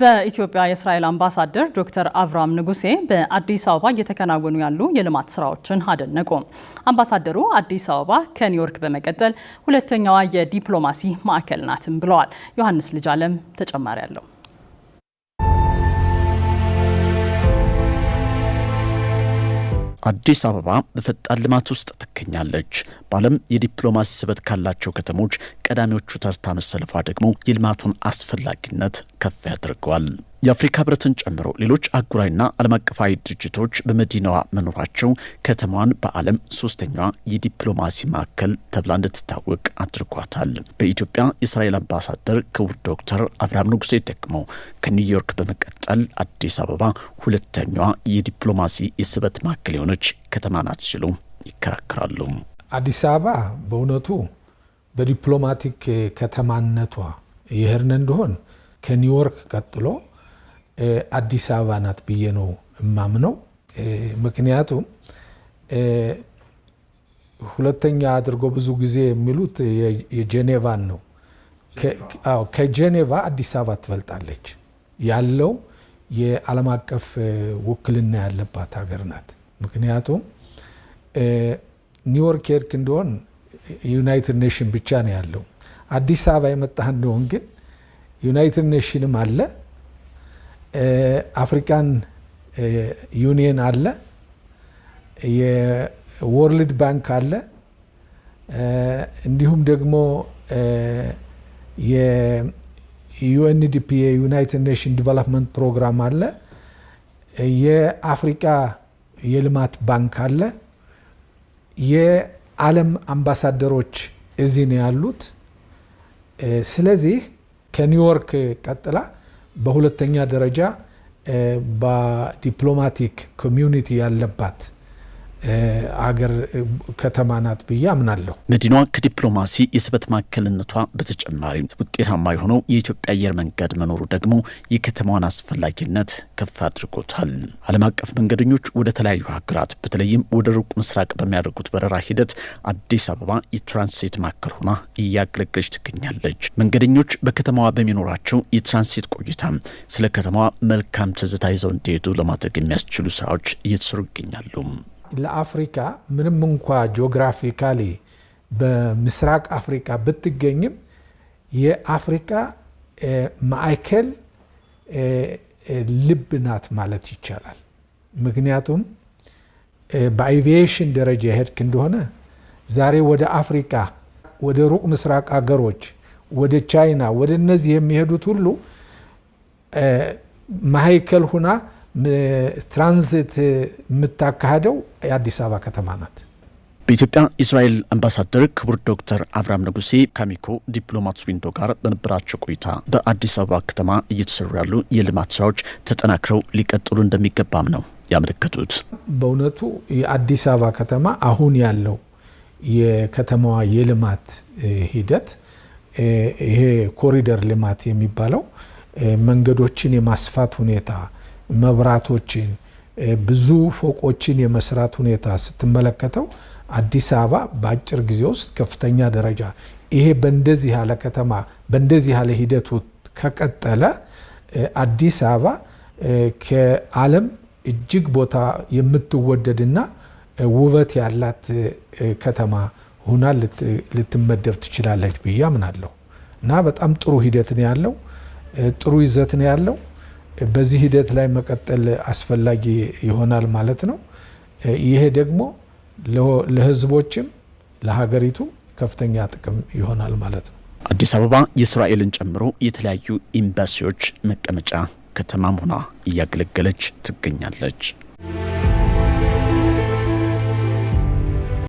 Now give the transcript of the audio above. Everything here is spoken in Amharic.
በኢትዮጵያ የእስራኤል አምባሳደር ዶክተር አብርሃም ንጉሴ በአዲስ አበባ እየተከናወኑ ያሉ የልማት ስራዎችን አደነቁ። አምባሳደሩ አዲስ አበባ ከኒውዮርክ በመቀጠል ሁለተኛዋ የዲፕሎማሲ ማዕከል ናትም ብለዋል። ዮሐንስ ልጅ አለም ተጨማሪ አለው። አዲስ አበባ በፈጣን ልማት ውስጥ ትገኛለች። በዓለም የዲፕሎማሲ ስበት ካላቸው ከተሞች ቀዳሚዎቹ ተርታ መሰለፏ ደግሞ የልማቱን አስፈላጊነት ከፍ ያደርገዋል። የአፍሪካ ህብረትን ጨምሮ ሌሎች አጉራዊና ዓለም አቀፋዊ ድርጅቶች በመዲናዋ መኖራቸው ከተማዋን በዓለም ሶስተኛዋ የዲፕሎማሲ ማዕከል ተብላ እንድትታወቅ አድርጓታል። በኢትዮጵያ የእስራኤል አምባሳደር ክቡር ዶክተር አብርሃም ንጉሴ ደግሞ ከኒውዮርክ በመቀጠል አዲስ አበባ ሁለተኛዋ የዲፕሎማሲ የስበት ማዕከል የሆነች ከተማ ናት ሲሉ ይከራከራሉ። አዲስ አበባ በእውነቱ በዲፕሎማቲክ ከተማነቷ ይህርን እንደሆን ከኒውዮርክ ቀጥሎ አዲስ አበባ ናት ብዬ ነው እማምነው። ምክንያቱም ሁለተኛ አድርጎ ብዙ ጊዜ የሚሉት የጄኔቫን ነው። ከጄኔቫ አዲስ አበባ ትበልጣለች ያለው የዓለም አቀፍ ውክልና ያለባት ሀገር ናት። ምክንያቱም ኒውዮርክ ሄድክ እንደሆን ዩናይትድ ኔሽን ብቻ ነው ያለው። አዲስ አበባ የመጣህ እንደሆን ግን ዩናይትድ ኔሽንም አለ አፍሪካን ዩኒየን አለ፣ የወርልድ ባንክ አለ፣ እንዲሁም ደግሞ የዩኤንዲፒ የዩናይትድ ኔሽን ዲቨሎፕመንት ፕሮግራም አለ፣ የአፍሪካ የልማት ባንክ አለ። የዓለም አምባሳደሮች እዚህ ነው ያሉት። ስለዚህ ከኒውዮርክ ቀጥላ በሁለተኛ ደረጃ በዲፕሎማቲክ ኮሚዩኒቲ ያለባት አገር ከተማ ናት ብዬ አምናለሁ። መዲናዋ ከዲፕሎማሲ የስበት ማዕከልነቷ በተጨማሪ ውጤታማ የሆነው የኢትዮጵያ አየር መንገድ መኖሩ ደግሞ የከተማዋን አስፈላጊነት ከፍ አድርጎታል። ዓለም አቀፍ መንገደኞች ወደ ተለያዩ ሀገራት በተለይም ወደ ሩቅ ምስራቅ በሚያደርጉት በረራ ሂደት አዲስ አበባ የትራንሲት ማዕከል ሆና እያገለገለች ትገኛለች። መንገደኞች በከተማዋ በሚኖራቸው የትራንሲት ቆይታ ስለ ከተማዋ መልካም ትዝታ ይዘው እንዲሄዱ ለማድረግ የሚያስችሉ ስራዎች እየተሰሩ ይገኛሉ። ለአፍሪካ ምንም እንኳ ጂኦግራፊካሊ በምስራቅ አፍሪካ ብትገኝም የአፍሪካ ማዕከል ልብ ናት ማለት ይቻላል። ምክንያቱም በአቪዬሽን ደረጃ የሄድክ እንደሆነ ዛሬ ወደ አፍሪካ ወደ ሩቅ ምስራቅ አገሮች፣ ወደ ቻይና፣ ወደ እነዚህ የሚሄዱት ሁሉ ማዕከል ሁና ትራንዚት የምታካሄደው የአዲስ አበባ ከተማ ናት። በኢትዮጵያ እስራኤል አምባሳደር ክቡር ዶክተር አብርሃም ንጉሴ ከአሚኮ ዲፕሎማት ዊንዶ ጋር በነበራቸው ቆይታ በአዲስ አበባ ከተማ እየተሰሩ ያሉ የልማት ስራዎች ተጠናክረው ሊቀጥሉ እንደሚገባም ነው ያመለከቱት። በእውነቱ የአዲስ አበባ ከተማ አሁን ያለው የከተማዋ የልማት ሂደት ይሄ ኮሪደር ልማት የሚባለው መንገዶችን የማስፋት ሁኔታ መብራቶችን፣ ብዙ ፎቆችን የመስራት ሁኔታ ስትመለከተው አዲስ አበባ በአጭር ጊዜ ውስጥ ከፍተኛ ደረጃ ይሄ በእንደዚህ ያለ ከተማ በእንደዚህ ያለ ሂደቱ ከቀጠለ አዲስ አበባ ከዓለም እጅግ ቦታ የምትወደድና ውበት ያላት ከተማ ሁና ልትመደብ ትችላለች ብዬ አምናለሁ እና በጣም ጥሩ ሂደት ነው ያለው። ጥሩ ይዘት ነው ያለው። በዚህ ሂደት ላይ መቀጠል አስፈላጊ ይሆናል ማለት ነው። ይሄ ደግሞ ለህዝቦችም ለሀገሪቱም ከፍተኛ ጥቅም ይሆናል ማለት ነው። አዲስ አበባ የእስራኤልን ጨምሮ የተለያዩ ኤምባሲዎች መቀመጫ ከተማም ሆና እያገለገለች ትገኛለች።